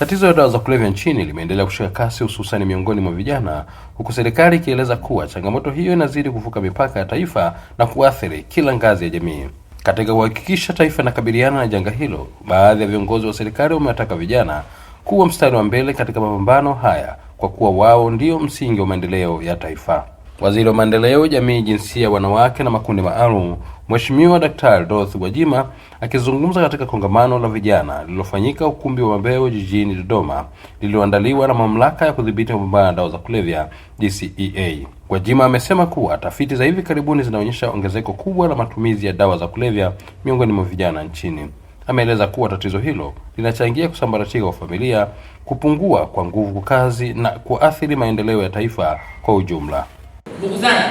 Tatizo la dawa za kulevya nchini limeendelea kushika kasi hususani miongoni mwa vijana, huku serikali ikieleza kuwa changamoto hiyo inazidi kuvuka mipaka ya taifa na kuathiri kila ngazi ya jamii. Katika kuhakikisha taifa linakabiliana na janga hilo, baadhi ya viongozi wa serikali wamewataka vijana kuwa mstari wa mbele katika mapambano haya kwa kuwa wao ndio msingi wa maendeleo ya taifa. Waziri wa Maendeleo, Jamii, Jinsia, Wanawake na Makundi Maalum, Mheshimiwa Daktari Dorothy Gwajima akizungumza katika kongamano la vijana lililofanyika ukumbi wa Mbeo jijini Dodoma lililoandaliwa na Mamlaka ya Kudhibiti na na Dawa za Kulevya DCEA. Gwajima amesema kuwa tafiti za hivi karibuni zinaonyesha ongezeko kubwa la matumizi ya dawa za kulevya miongoni mwa vijana nchini. Ameeleza kuwa tatizo hilo linachangia kusambaratika kwa familia, kupungua kwa nguvu kazi na kuathiri maendeleo ya taifa kwa ujumla. Ndugu zangu,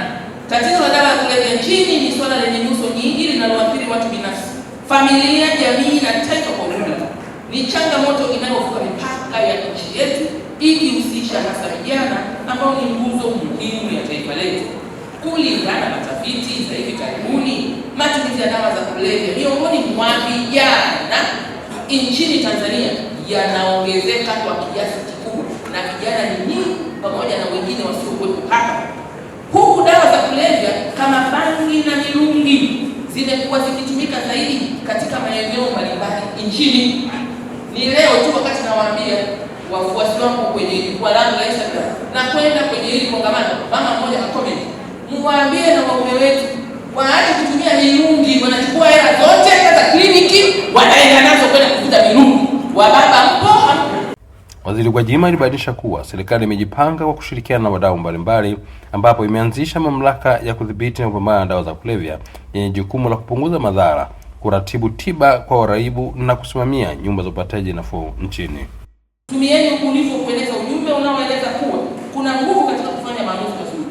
tatizo la dawa za kulevya nchini ni suala lenye nyuso nyingi linaloathiri watu binafsi, familia, jamii na taifa kwa ujumla. Ni changamoto inayovuka mipaka ya nchi yetu, ikihusisha hasa vijana ambao ni nguzo muhimu ya taifa letu. Kulingana na tafiti za hivi karibuni, matumizi ya dawa za kulevya miongoni mwa vijana nchini Tanzania yanaongezeka kwa kiasi mabangi na mirungi zimekuwa zikitumika zaidi katika maeneo mbalimbali nchini. Ni leo tu wakati nawaambia wafuasi wangu kwenye jukwaa langu la Instagram na kwenda kwenye hili kongamano, mama mmoja akomenti, mwambie na waume wetu waache kutumia mirungi, wanachukua hela zote za kliniki wanaenda nazo kwenda kuvuta mirungi. Waziri Gwajima alibainisha kuwa serikali imejipanga kwa kushirikiana na wadau mbalimbali, ambapo imeanzisha mamlaka ya kudhibiti na kupambana na dawa za kulevya yenye jukumu la kupunguza madhara, kuratibu tiba kwa waraibu na kusimamia nyumba za upataji nafuu nchini. Tumieni ubunifu kueleza ujumbe unaoeleza kuwa kuna nguvu katika kufanya maamuzi mazuri,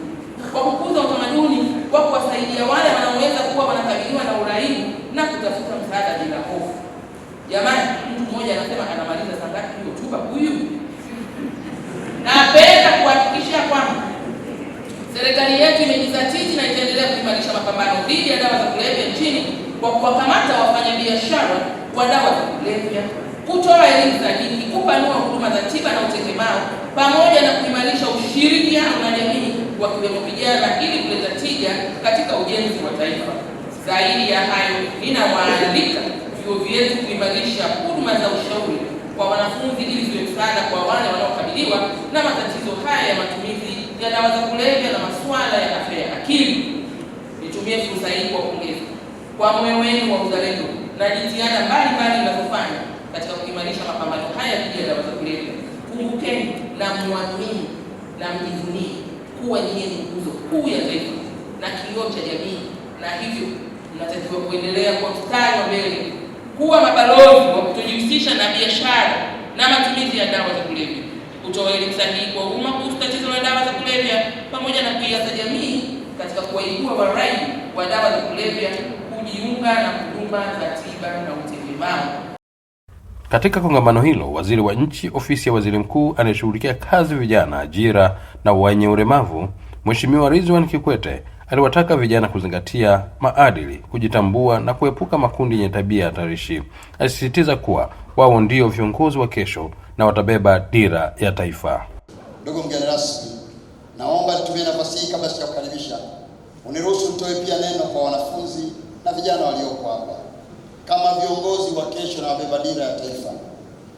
kwa kukuza utamaduni kwa kuwasaidia wale wanaoweza kuwa wanakabiliwa na uraibu na kutafuta msaada bila hofu. Jamani, mtu mmoja anasema anamaliza sangati hiyo tuba huyu Serikali yetu imejizatiti na itaendelea kuimarisha mapambano dhidi ya dawa za kulevya nchini kwa kuwakamata wafanyabiashara wa dawa za kulevya, kutoa elimu za dini, kupanua huduma za tiba na utegemao, pamoja na kuimarisha ushirikiano na jamii wakiwemo vijana, ili kuleta tija katika ujenzi wa taifa. Zaidi ya hayo, inawaalika vyuo vyetu kuimarisha huduma za ushauri kwa wanafunzi ili ziwe msaada kwa wale wanaokabiliwa na matatizo haya ya matumizi ya dawa za kulevya na masuala ya afya ya akili, nitumie fursa hii kuwapongeza kwa moyo wenu wa uzalendo na jitihada mbalimbali mnazofanya katika kuimarisha mapambano haya dhidi ya dawa za kulevya. Kumbukeni na mwamini na mjivunie kuwa nyinyi ni nguzo kuu ya taifa na kioo cha jamii, na hivyo mnatakiwa kuendelea kwa mstari wa mbele, kuwa mabalozi wa kutojihusisha na biashara na matumizi ya dawa za kulevya kutoa elimu sahihi kwa umma kuhusu tatizo la dawa za kulevya pamoja na pia za jamii katika kuwaibua warai wa dawa za kulevya kujiunga na huduma za tiba na utegemao. Katika kongamano hilo, waziri wa nchi ofisi ya waziri mkuu anayeshughulikia kazi, vijana, ajira na wenye ulemavu, Mheshimiwa Ridhiwani Kikwete aliwataka vijana kuzingatia maadili, kujitambua na kuepuka makundi yenye tabia hatarishi. Alisisitiza kuwa wao ndio viongozi wa kesho na watabeba dira ya taifa. Ndugu mgeni rasmi, naomba nitumie nafasi hii kabla sijakukaribisha, uniruhusu nitoe pia neno kwa wanafunzi na vijana walioko hapa. Kama viongozi wa kesho na wabeba dira ya taifa,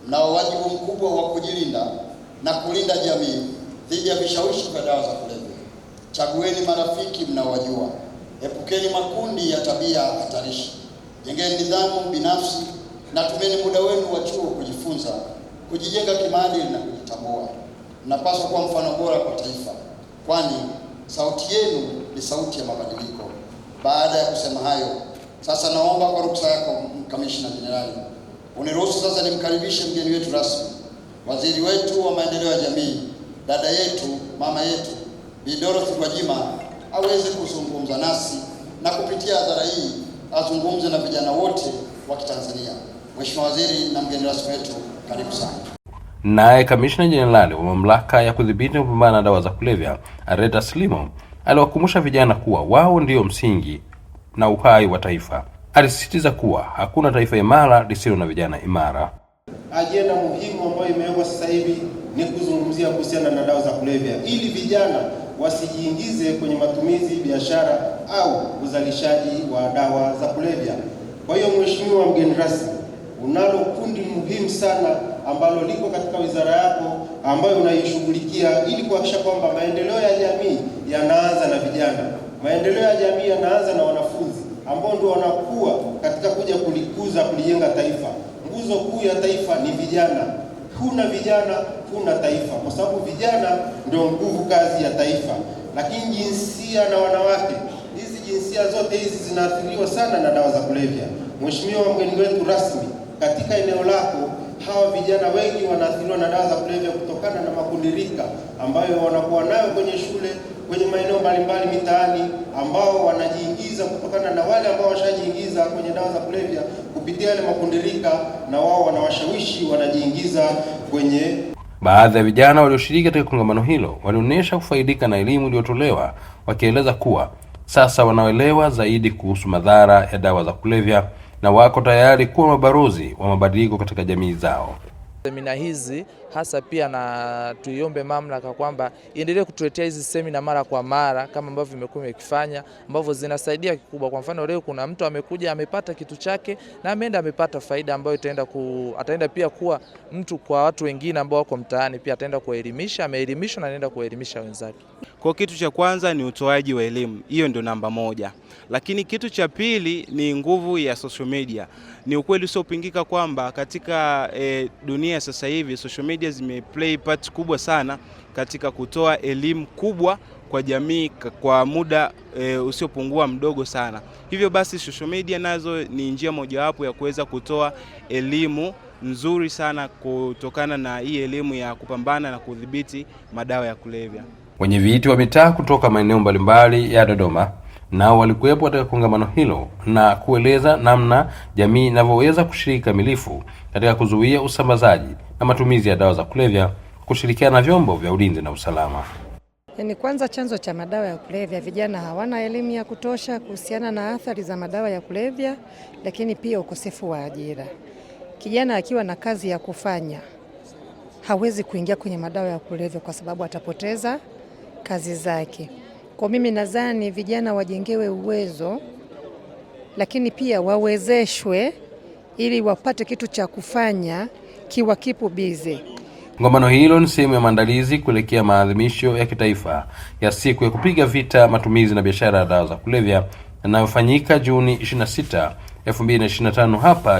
mnao wajibu mkubwa wa kujilinda na kulinda jamii dhidi ya vishawishi vya dawa za kulevya. Chagueni marafiki mnaowajua, epukeni makundi ya tabia hatarishi, jengeni nidhamu binafsi na tumeni muda wenu wa chuo kujifunza kujijenga kimaadili na kujitambua. Mnapaswa kuwa mfano bora kwa taifa, kwani sauti yenu ni sauti ya mabadiliko. Baada ya kusema hayo, sasa naomba kwa ruksa yako Kamishna Jenerali, uniruhusu sasa nimkaribishe mgeni wetu rasmi, waziri wetu wa maendeleo ya jamii, dada yetu, mama yetu Bi Dorothy Gwajima aweze kuzungumza nasi na kupitia hadhara hii azungumze na vijana wote wa Kitanzania. Mheshimiwa Waziri na mgeni rasmi wetu karibu sana. Naye kamishna jenerali wa mamlaka ya kudhibiti na kupambana na dawa za kulevya Areta Slimo aliwakumbusha vijana kuwa wao ndio msingi na uhai wa taifa. Alisisitiza kuwa hakuna taifa imara lisilo na vijana imara. Ajenda muhimu ambayo imewekwa sasa hivi ni kuzungumzia kuhusiana na dawa za kulevya, ili vijana wasijiingize kwenye matumizi, biashara au uzalishaji wa dawa za kulevya. Kwa hiyo, mheshimiwa mgeni rasmi unalo kundi muhimu sana ambalo liko katika wizara yako ambayo unaishughulikia ili kuhakikisha kwamba maendeleo ya jamii yanaanza na vijana, maendeleo ya jamii yanaanza na wanafunzi ambao ndio wanakuwa katika kuja kulikuza, kulijenga taifa. Nguzo kuu ya taifa ni vijana. Kuna vijana, kuna taifa, kwa sababu vijana ndio nguvu kazi ya taifa. Lakini jinsia na wanawake, hizi jinsia zote hizi zinaathiriwa sana na dawa za kulevya. Mheshimiwa mgeni wetu rasmi katika eneo lako hawa vijana wengi wanaathiriwa na dawa za kulevya kutokana na makundirika ambayo wanakuwa nayo kwenye shule, kwenye maeneo mbalimbali mitaani, ambao wanajiingiza kutokana na wale ambao washajiingiza kwenye dawa za kulevya kupitia yale makundirika, na wao wanawashawishi, wanajiingiza kwenye. Baadhi ya vijana walioshiriki katika kongamano hilo walionyesha kufaidika na elimu iliyotolewa, wakieleza kuwa sasa wanaoelewa zaidi kuhusu madhara ya dawa za kulevya na wako tayari kuwa mabalozi wa mabadiliko katika jamii zao. Semina hizi hasa pia na tuiombe mamlaka kwamba iendelee kutuletea hizi semina mara kwa mara kama ambavyo imekuwa imekifanya, ambavyo zinasaidia kikubwa. Kwa mfano leo kuna mtu amekuja amepata kitu chake na ameenda amepata faida ambayo itaenda ku, ataenda pia kuwa mtu kwa watu wengine ambao wako mtaani, pia ataenda kuelimisha, ameelimishwa na anaenda kuelimisha wenzake. Kwa kitu cha kwanza ni utoaji wa elimu, hiyo ndio namba moja. Lakini kitu cha pili ni nguvu ya social media. Ni ukweli usiopingika kwamba katika e, dunia sasa hivi social media zimeplay part kubwa sana katika kutoa elimu kubwa kwa jamii kwa muda e, usiopungua mdogo sana. Hivyo basi social media nazo ni njia mojawapo ya kuweza kutoa elimu nzuri sana kutokana na hii elimu ya kupambana na kudhibiti madawa ya kulevya. Wenye viti wa mitaa kutoka maeneo mbalimbali ya Dodoma nao walikuwepo katika kongamano hilo na kueleza namna jamii inavyoweza kushiriki kamilifu katika kuzuia usambazaji na matumizi ya dawa za kulevya, kushirikiana na vyombo vya ulinzi na usalama. Ni yaani kwanza chanzo cha madawa ya kulevya, vijana hawana elimu ya kutosha kuhusiana na athari za madawa ya kulevya, lakini pia ukosefu wa ajira. Kijana akiwa na kazi ya kufanya hawezi kuingia kwenye madawa ya kulevya kwa sababu atapoteza kazi zake. Kwa mimi nadhani vijana wajengewe uwezo, lakini pia wawezeshwe ili wapate kitu cha kufanya kiwa kipo bize. Kongamano hilo ni sehemu ya maandalizi kuelekea maadhimisho ya kitaifa ya siku ya kupiga vita matumizi na biashara ya dawa za kulevya yanayofanyika Juni 26, 2025 hapa